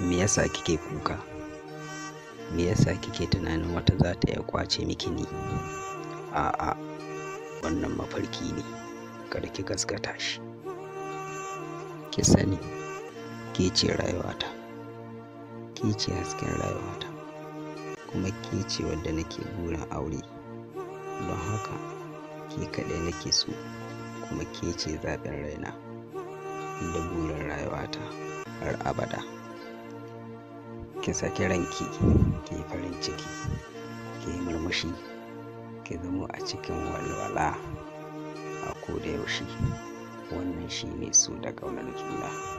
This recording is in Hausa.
me yasa kike kuka me yasa kike tunanin wata za ta iya kwace miki ni a'a wannan mafarki ne kada ki gaskata shi ki sani ke ce rayuwata ke ce hasken rayuwata kuma ke ce wadda nake burin aure don haka ke kaɗai nake so kuma ke ce zaɓin raina da burin rayuwata har abada ki saki ranki ki farin ciki ki murmushi ki zama a cikin walwala a koda yaushe wannan ne su da ƙaunar juna